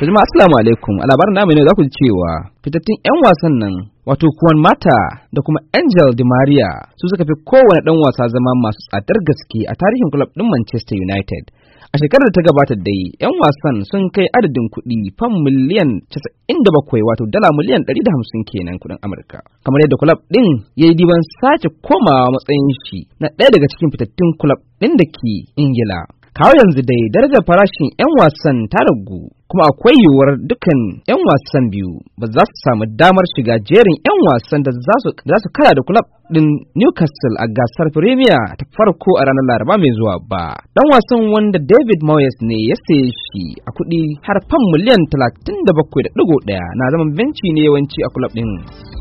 To jama'a assalamu alaikum a labarin namu ne za ku ji cewa fitattun 'yan wasan nan wato kuwan mata da kuma Angel Di Maria su suka fi kowane ɗan wasa zama masu tsadar gaske a tarihin club ɗin Manchester United. A shekarar da ta gabata dai 'yan wasan sun kai adadin kuɗi fam miliyan da bakwai wato dala miliyan ɗari 150 kenan kuɗin Amurka. Kamar yadda club ɗin ya yi diban sace komawa matsayin shi na ɗaya daga cikin fitattun club ɗin da ke Ingila. kawo yanzu dai darajar farashin 'yan wasan ta ragu kuma akwai yiwuwar dukan 'yan wasan biyu ba za su samu damar shiga jerin 'yan wasan da za su kara da kulab din Newcastle a gasar Premier ta farko a ranar Laraba mai zuwa ba. Dan wasan wanda David Moyes ne ya saye shi a kuɗi har fan miliyan 37.1 na zaman benci ne yawanci a kulab din.